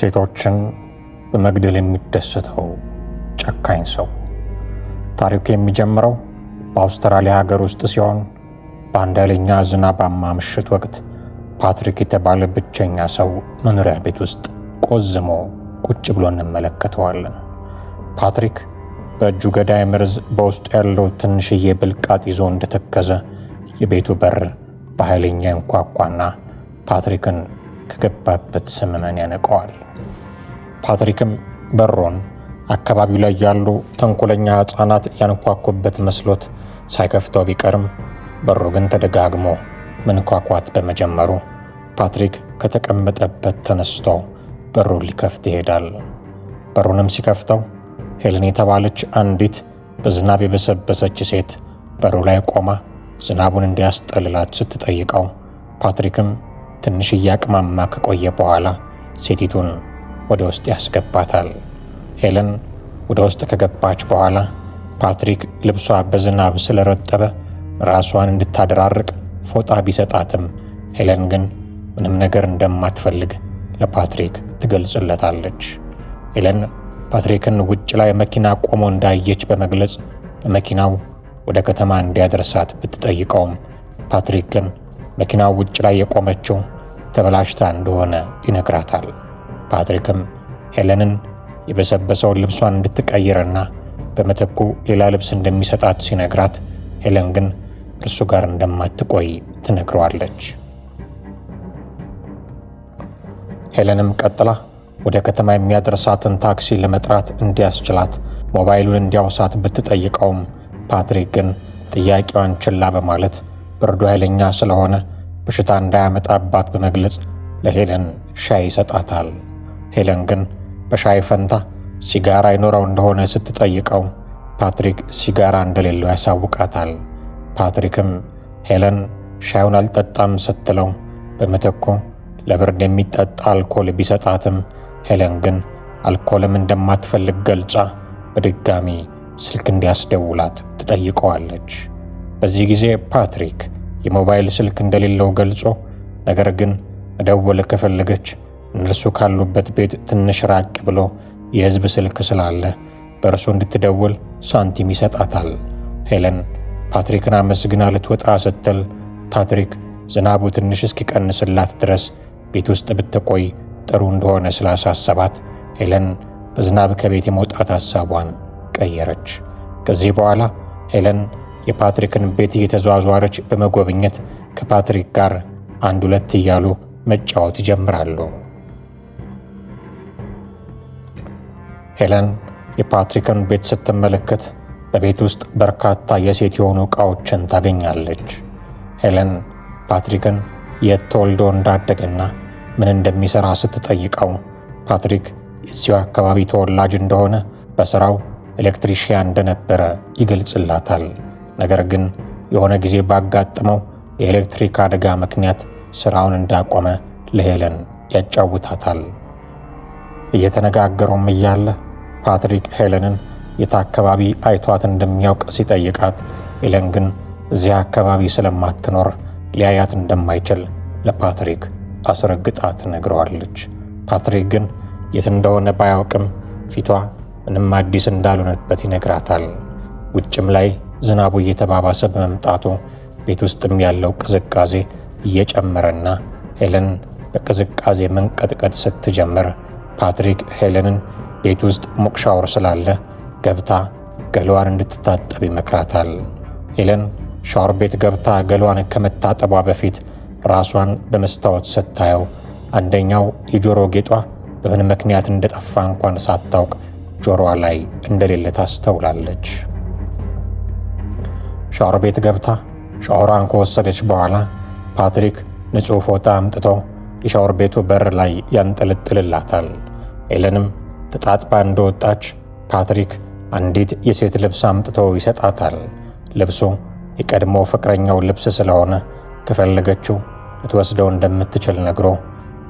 ሴቶችን በመግደል የሚደሰተው ጨካኝ ሰው። ታሪኩ የሚጀምረው በአውስትራሊያ ሀገር ውስጥ ሲሆን በአንድ ኃይለኛ ዝናባማ ምሽት ወቅት ፓትሪክ የተባለ ብቸኛ ሰው መኖሪያ ቤት ውስጥ ቆዝሞ ቁጭ ብሎ እንመለከተዋለን። ፓትሪክ በእጁ ገዳይ መርዝ በውስጡ ያለው ትንሽዬ ብልቃጥ ይዞ እንደተከዘ የቤቱ በር በኃይለኛ እንኳኳና ፓትሪክን ከገባበት ስምመን ያነቀዋል። ፓትሪክም በሩን አካባቢው ላይ ያሉ ተንኮለኛ ሕፃናት ያንኳኩበት መስሎት ሳይከፍተው ቢቀርም በሩ ግን ተደጋግሞ መንኳኳት በመጀመሩ ፓትሪክ ከተቀመጠበት ተነስቶ በሩን ሊከፍት ይሄዳል። በሩንም ሲከፍተው ሄለን የተባለች አንዲት በዝናብ የበሰበሰች ሴት በሩ ላይ ቆማ ዝናቡን እንዲያስጠልላት ስትጠይቀው ፓትሪክም ትንሽ እያቅማማ ከቆየ በኋላ ሴቲቱን ወደ ውስጥ ያስገባታል። ሄለን ወደ ውስጥ ከገባች በኋላ ፓትሪክ ልብሷ በዝናብ ስለረጠበ ራሷን እንድታደራርቅ ፎጣ ቢሰጣትም ሄለን ግን ምንም ነገር እንደማትፈልግ ለፓትሪክ ትገልጽለታለች። ሄለን ፓትሪክን ውጭ ላይ መኪና ቆሞ እንዳየች በመግለጽ በመኪናው ወደ ከተማ እንዲያደርሳት ብትጠይቀውም ፓትሪክ ግን መኪናው ውጭ ላይ የቆመችው ተበላሽታ እንደሆነ ይነግራታል። ፓትሪክም ሄለንን የበሰበሰውን ልብሷን እንድትቀይርና በመተኩ ሌላ ልብስ እንደሚሰጣት ሲነግራት ሄለን ግን እርሱ ጋር እንደማትቆይ ትነግረዋለች። ሄለንም ቀጥላ ወደ ከተማ የሚያደርሳትን ታክሲ ለመጥራት እንዲያስችላት ሞባይሉን እንዲያውሳት ብትጠይቀውም ፓትሪክ ግን ጥያቄዋን ችላ በማለት ብርዱ ኃይለኛ ስለሆነ በሽታ እንዳያመጣባት በመግለጽ ለሄለን ሻይ ይሰጣታል። ሄለን ግን በሻይ ፈንታ ሲጋራ ይኖረው እንደሆነ ስትጠይቀው ፓትሪክ ሲጋራ እንደሌለው ያሳውቃታል። ፓትሪክም ሄለን ሻዩን አልጠጣም ስትለው በምትኩ ለብርድ የሚጠጣ አልኮል ቢሰጣትም ሄለን ግን አልኮልም እንደማትፈልግ ገልጻ በድጋሚ ስልክ እንዲያስደውላት ትጠይቀዋለች። በዚህ ጊዜ ፓትሪክ የሞባይል ስልክ እንደሌለው ገልጾ ነገር ግን መደወል ከፈለገች እነርሱ ካሉበት ቤት ትንሽ ራቅ ብሎ የሕዝብ ስልክ ስላለ በእርሱ እንድትደውል ሳንቲም ይሰጣታል። ሄለን ፓትሪክን አመስግና ልትወጣ ስትል ፓትሪክ ዝናቡ ትንሽ እስኪቀንስላት ድረስ ቤት ውስጥ ብትቆይ ጥሩ እንደሆነ ስላሳሰባት ሄለን በዝናብ ከቤት የመውጣት ሐሳቧን ቀየረች። ከዚህ በኋላ ሄለን የፓትሪክን ቤት እየተዘዋዘዋረች በመጎብኘት ከፓትሪክ ጋር አንድ ሁለት እያሉ መጫወት ይጀምራሉ። ሄለን የፓትሪክን ቤት ስትመለከት በቤት ውስጥ በርካታ የሴት የሆኑ ዕቃዎችን ታገኛለች። ሄለን ፓትሪክን የት ተወልዶ እንዳደገና ምን እንደሚሠራ ስትጠይቀው ፓትሪክ እዚሁ አካባቢ ተወላጅ እንደሆነ በሥራው ኤሌክትሪሽያን እንደነበረ ይገልጽላታል። ነገር ግን የሆነ ጊዜ ባጋጠመው የኤሌክትሪክ አደጋ ምክንያት ሥራውን እንዳቆመ ለሄለን ያጫውታታል። እየተነጋገሩም እያለ ፓትሪክ ሄለንን የት አካባቢ አይቷት እንደሚያውቅ ሲጠይቃት ሄለን ግን እዚያ አካባቢ ስለማትኖር ሊያያት እንደማይችል ለፓትሪክ አስረግጣ ትነግረዋለች። ፓትሪክ ግን የት እንደሆነ ባያውቅም ፊቷ ምንም አዲስ እንዳልሆነበት ይነግራታል። ውጭም ላይ ዝናቡ እየተባባሰ በመምጣቱ ቤት ውስጥም ያለው ቅዝቃዜ እየጨመረና ሄለን በቅዝቃዜ መንቀጥቀጥ ስትጀምር ፓትሪክ ሄለንን ቤት ውስጥ ሙቅ ሻወር ስላለ ገብታ ገሏን እንድትታጠብ ይመክራታል። ሄለን ሻወር ቤት ገብታ ገሏን ከመታጠቧ በፊት ራሷን በመስታወት ስታየው አንደኛው የጆሮ ጌጧ በምን ምክንያት እንደጠፋ እንኳን ሳታውቅ ጆሮዋ ላይ እንደሌለ ታስተውላለች። ሻወር ቤት ገብታ ሻወሯን ከወሰደች በኋላ ፓትሪክ ንጹሕ ፎጣ አምጥቶ የሻወር ቤቱ በር ላይ ያንጠለጥልላታል። ኤለንም ተጣጥባ እንደወጣች ፓትሪክ አንዲት የሴት ልብስ አምጥቶ ይሰጣታል። ልብሱ የቀድሞ ፍቅረኛው ልብስ ስለሆነ ከፈለገችው ልትወስደው እንደምትችል ነግሮ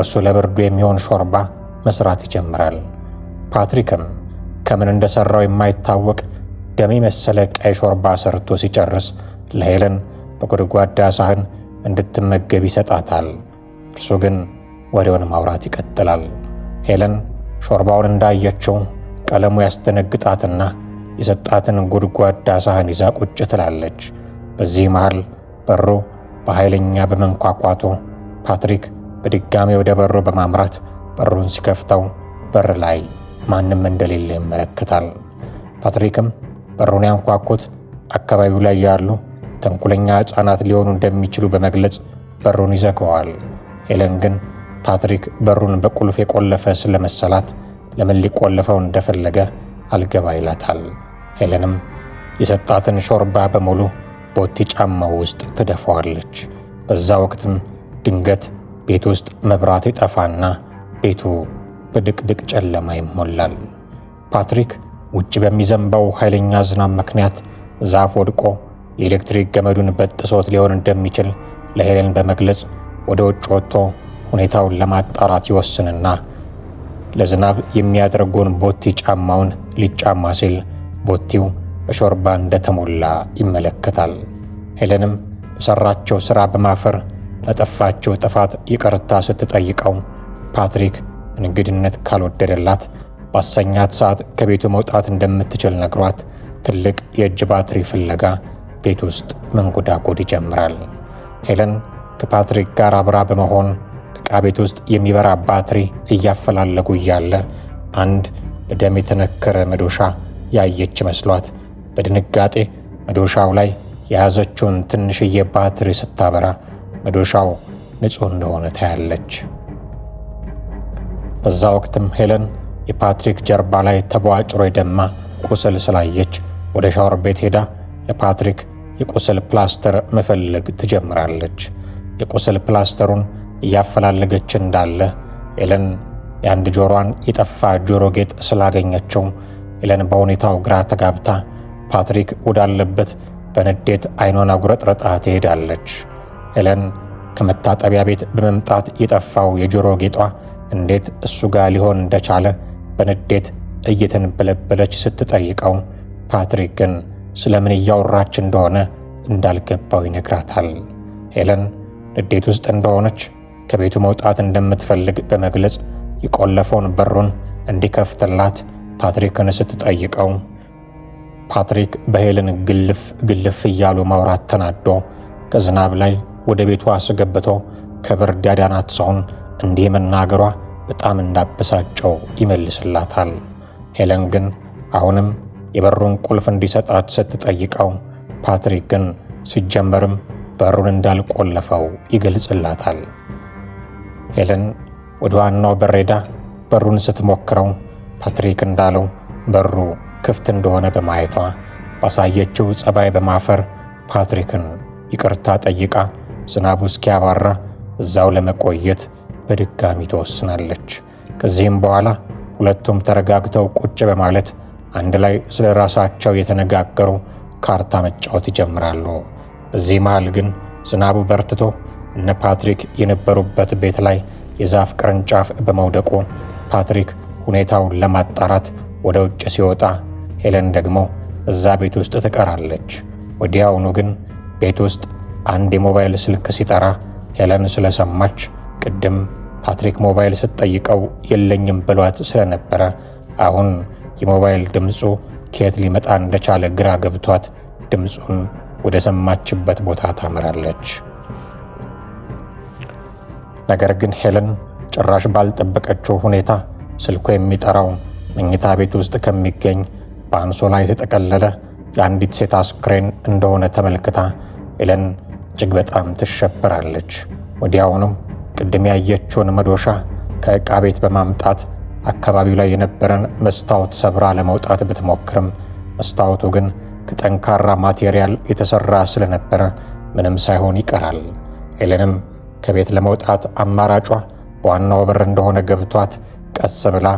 እርሱ ለብርዱ የሚሆን ሾርባ መስራት ይጀምራል። ፓትሪክም ከምን እንደሰራው የማይታወቅ ደም የመሰለ ቀይ ሾርባ ሰርቶ ሲጨርስ ለሄለን በጎድጓዳ ሳህን እንድትመገብ ይሰጣታል። እርሱ ግን ወሬውን ማውራት ይቀጥላል። ሄለን ሾርባውን እንዳየችው ቀለሙ ያስደነግጣትና የሰጣትን ጎድጓዳ ሳህን ይዛ ቁጭ ትላለች። በዚህ መሃል በሩ በኃይለኛ በመንኳኳቱ ፓትሪክ በድጋሚ ወደ በሩ በማምራት በሩን ሲከፍተው በር ላይ ማንም እንደሌለ ይመለከታል። ፓትሪክም በሩን ያንኳኩት አካባቢው ላይ ያሉ ተንኩለኛ ሕፃናት ሊሆኑ እንደሚችሉ በመግለጽ በሩን ይዘጋዋል። ሄለን ግን ፓትሪክ በሩን በቁልፍ የቆለፈ ስለመሰላት ለምን ሊቆለፈው እንደፈለገ አልገባ ይላታል። ሄለንም የሰጣትን ሾርባ በሙሉ ቦቲ ጫማው ውስጥ ትደፋዋለች። በዛ ወቅትም ድንገት ቤት ውስጥ መብራት ይጠፋና ቤቱ በድቅድቅ ጨለማ ይሞላል። ፓትሪክ ውጭ በሚዘንባው ኃይለኛ ዝናብ ምክንያት ዛፍ ወድቆ የኤሌክትሪክ ገመዱን በጥሶት ሊሆን እንደሚችል ለሄለን በመግለጽ ወደ ውጭ ወጥቶ ሁኔታውን ለማጣራት ይወስንና ለዝናብ የሚያደርገውን ቦቲ ጫማውን ሊጫማ ሲል ቦቲው በሾርባ እንደተሞላ ይመለከታል። ሄለንም በሰራቸው ሥራ በማፈር ለጠፋቸው ጥፋት ይቅርታ ስትጠይቀው ፓትሪክ እንግድነት ካልወደደላት ባሰኛት ሰዓት ከቤቱ መውጣት እንደምትችል ነግሯት ትልቅ የእጅ ባትሪ ፍለጋ ቤት ውስጥ መንጎዳጎድ ይጀምራል። ሄለን ከፓትሪክ ጋር አብራ በመሆን ዕቃ ቤት ውስጥ የሚበራ ባትሪ እያፈላለጉ እያለ አንድ በደም የተነከረ መዶሻ ያየች መስሏት በድንጋጤ መዶሻው ላይ የያዘችውን ትንሽዬ ባትሪ ስታበራ መዶሻው ንጹሕ እንደሆነ ታያለች። በዛ ወቅትም ሄለን የፓትሪክ ጀርባ ላይ ተቧጭሮ የደማ ቁስል ስላየች ወደ ሻወር ቤት ሄዳ ለፓትሪክ የቁስል ፕላስተር መፈለግ ትጀምራለች። የቁስል ፕላስተሩን እያፈላለገች እንዳለ ኤለን የአንድ ጆሮዋን የጠፋ ጆሮ ጌጥ ስላገኘችው ኤለን በሁኔታው ግራ ተጋብታ ፓትሪክ ወዳለበት በንዴት አይኗን አጉረጥረጣ ትሄዳለች። ኤለን ከመታጠቢያ ቤት በመምጣት የጠፋው የጆሮ ጌጧ እንዴት እሱ ጋር ሊሆን እንደቻለ በንዴት እየተንበለበለች ስትጠይቀው ፓትሪክ ግን ስለምን እያወራች እንደሆነ እንዳልገባው ይነግራታል። ሄለን ንዴት ውስጥ እንደሆነች ከቤቱ መውጣት እንደምትፈልግ በመግለጽ የቆለፈውን በሩን እንዲከፍትላት ፓትሪክን ስትጠይቀው ፓትሪክ በሄለን ግልፍ ግልፍ እያሉ ማውራት ተናዶ ከዝናብ ላይ ወደ ቤቱ አስገብቶ ከብርድ ያዳናት ሰውን እንዲህ መናገሯ በጣም እንዳበሳጨው ይመልስላታል። ሄለን ግን አሁንም የበሩን ቁልፍ እንዲሰጣት ስትጠይቀው ፓትሪክ ግን ሲጀመርም በሩን እንዳልቆለፈው ይገልጽላታል። ሄለን ወደ ዋናው በሬዳ በሩን ስትሞክረው ፓትሪክ እንዳለው በሩ ክፍት እንደሆነ በማየቷ ባሳየችው ጸባይ በማፈር ፓትሪክን ይቅርታ ጠይቃ ዝናቡ እስኪያባራ እዛው ለመቆየት በድጋሚ ተወስናለች። ከዚህም በኋላ ሁለቱም ተረጋግተው ቁጭ በማለት አንድ ላይ ስለ ራሳቸው የተነጋገሩ ካርታ መጫወት ይጀምራሉ። በዚህ መሃል ግን ዝናቡ በርትቶ እነ ፓትሪክ የነበሩበት ቤት ላይ የዛፍ ቅርንጫፍ በመውደቁ ፓትሪክ ሁኔታውን ለማጣራት ወደ ውጭ ሲወጣ፣ ሄለን ደግሞ እዛ ቤት ውስጥ ትቀራለች። ወዲያውኑ ግን ቤት ውስጥ አንድ የሞባይል ስልክ ሲጠራ ሄለን ስለሰማች ቅድም ፓትሪክ ሞባይል ስትጠይቀው የለኝም ብሏት ስለነበረ አሁን የሞባይል ድምፁ ከየት ሊመጣ እንደቻለ ግራ ገብቷት ድምፁን ወደ ሰማችበት ቦታ ታምራለች። ነገር ግን ሄለን ጭራሽ ባልጠበቀችው ሁኔታ ስልኩ የሚጠራው መኝታ ቤት ውስጥ ከሚገኝ በአንሶላ የተጠቀለለ የአንዲት ሴት አስክሬን እንደሆነ ተመልክታ ሄለን እጅግ በጣም ትሸበራለች። ወዲያውኑም ቅድም ያየችውን መዶሻ ከዕቃ ቤት በማምጣት አካባቢው ላይ የነበረን መስታወት ሰብራ ለመውጣት ብትሞክርም መስታወቱ ግን ከጠንካራ ማቴሪያል የተሰራ ስለነበረ ምንም ሳይሆን ይቀራል። ሄለንም ከቤት ለመውጣት አማራጯ በዋናው በር እንደሆነ ገብቷት ቀስ ብላ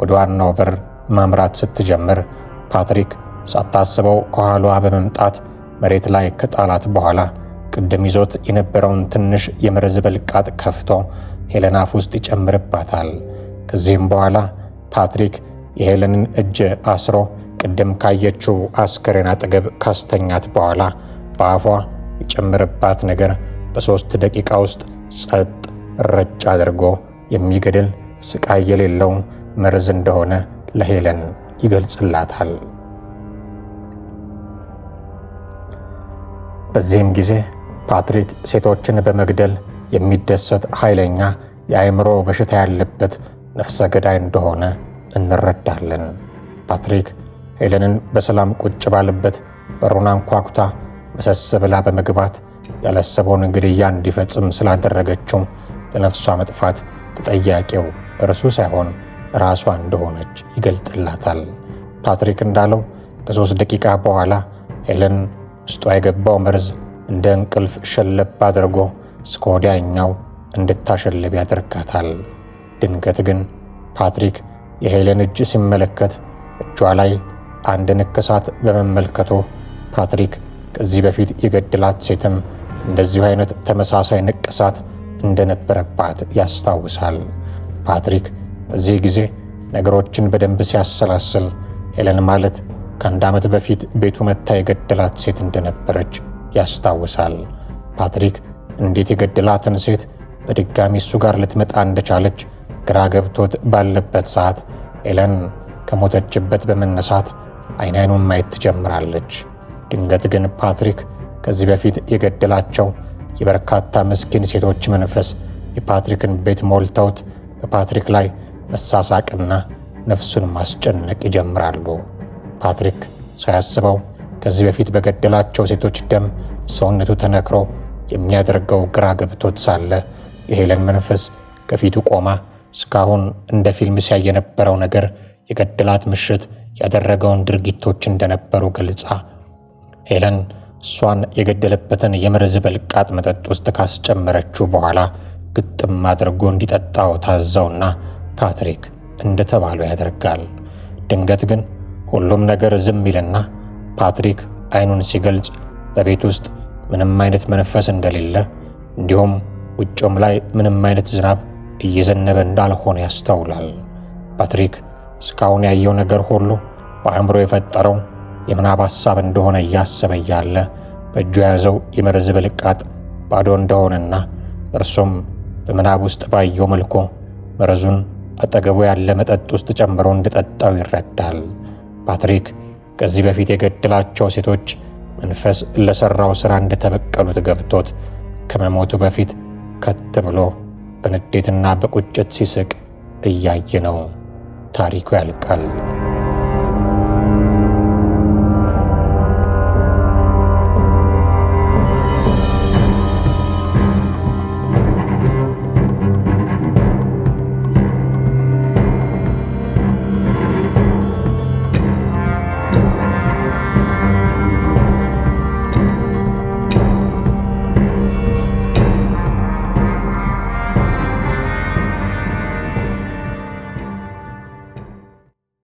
ወደ ዋናው በር ማምራት ስትጀምር ፓትሪክ ሳታስበው ከኋሏ በመምጣት መሬት ላይ ከጣላት በኋላ ቅድም ይዞት የነበረውን ትንሽ የመርዝ ብልቃጥ ከፍቶ ሄለን አፍ ውስጥ ይጨምርባታል። ከዚህም በኋላ ፓትሪክ የሄለንን እጅ አስሮ ቅድም ካየችው አስከሬን አጠገብ ካስተኛት በኋላ በአፏ የጨምርባት ነገር በሦስት ደቂቃ ውስጥ ጸጥ ረጭ አድርጎ የሚገድል ስቃይ የሌለው መርዝ እንደሆነ ለሄለን ይገልጽላታል። በዚህም ጊዜ ፓትሪክ ሴቶችን በመግደል የሚደሰት ኃይለኛ የአእምሮ በሽታ ያለበት ነፍሰ ገዳይ እንደሆነ እንረዳለን። ፓትሪክ ሄለንን በሰላም ቁጭ ባለበት በሩን አንኳኩታ መሰስ ብላ በመግባት ያላሰበውን ግድያ እንዲፈጽም ስላደረገችው ለነፍሷ መጥፋት ተጠያቂው እርሱ ሳይሆን ራሷ እንደሆነች ይገልጥላታል። ፓትሪክ እንዳለው ከሦስት ደቂቃ በኋላ ሄለን ውስጧ የገባው መርዝ እንደ እንቅልፍ ሸለብ አድርጎ እስከ ወዲያኛው እንድታሸልብ ያደርጋታል። ድንገት ግን ፓትሪክ የሄለን እጅ ሲመለከት እጇ ላይ አንድ ንቅሳት በመመልከቱ ፓትሪክ ከዚህ በፊት የገደላት ሴትም እንደዚሁ አይነት ተመሳሳይ ንቅሳት እንደነበረባት ያስታውሳል። ፓትሪክ በዚህ ጊዜ ነገሮችን በደንብ ሲያሰላስል ሄለን ማለት ከአንድ ዓመት በፊት ቤቱ መታ የገደላት ሴት እንደነበረች ያስታውሳል። ፓትሪክ እንዴት የገደላትን ሴት በድጋሚ እሱ ጋር ልትመጣ እንደቻለች ግራ ገብቶት ባለበት ሰዓት ኤለን ከሞተችበት በመነሳት አይን አይኑን ማየት ትጀምራለች። ድንገት ግን ፓትሪክ ከዚህ በፊት የገደላቸው የበርካታ ምስኪን ሴቶች መንፈስ የፓትሪክን ቤት ሞልተውት በፓትሪክ ላይ መሳሳቅና ነፍሱን ማስጨነቅ ይጀምራሉ። ፓትሪክ ሳያስበው ከዚህ በፊት በገደላቸው ሴቶች ደም ሰውነቱ ተነክሮ የሚያደርገው ግራ ገብቶት ሳለ የሄለን መንፈስ ከፊቱ ቆማ እስካሁን እንደ ፊልም ሲያይ የነበረው ነገር የገደላት ምሽት ያደረገውን ድርጊቶች እንደነበሩ ገልጻ ሄለን እሷን የገደለበትን የመርዝ በልቃጥ መጠጥ ውስጥ ካስጨመረችው በኋላ ግጥም አድርጎ እንዲጠጣው ታዘውና ፓትሪክ እንደተባለው ያደርጋል። ድንገት ግን ሁሉም ነገር ዝም ይልና ፓትሪክ አይኑን ሲገልጽ በቤት ውስጥ ምንም አይነት መነፈስ እንደሌለ እንዲሁም ውጭም ላይ ምንም አይነት ዝናብ እየዘነበ እንዳልሆነ ያስተውላል። ፓትሪክ እስካሁን ያየው ነገር ሁሉ በአእምሮ የፈጠረው የምናብ ሐሳብ እንደሆነ እያሰበ እያለ በእጁ የያዘው የመርዝ ብልቃጥ ባዶ እንደሆነና እርሱም በምናብ ውስጥ ባየው መልኩ መርዙን አጠገቡ ያለ መጠጥ ውስጥ ጨምሮ እንደጠጣው ይረዳል። ፓትሪክ ከዚህ በፊት የገደላቸው ሴቶች መንፈስ ለሠራው ሥራ እንደተበቀሉት ገብቶት ከመሞቱ በፊት ከት ብሎ በንዴትና በቁጭት ሲስቅ እያየ ነው። ታሪኩ ያልቃል።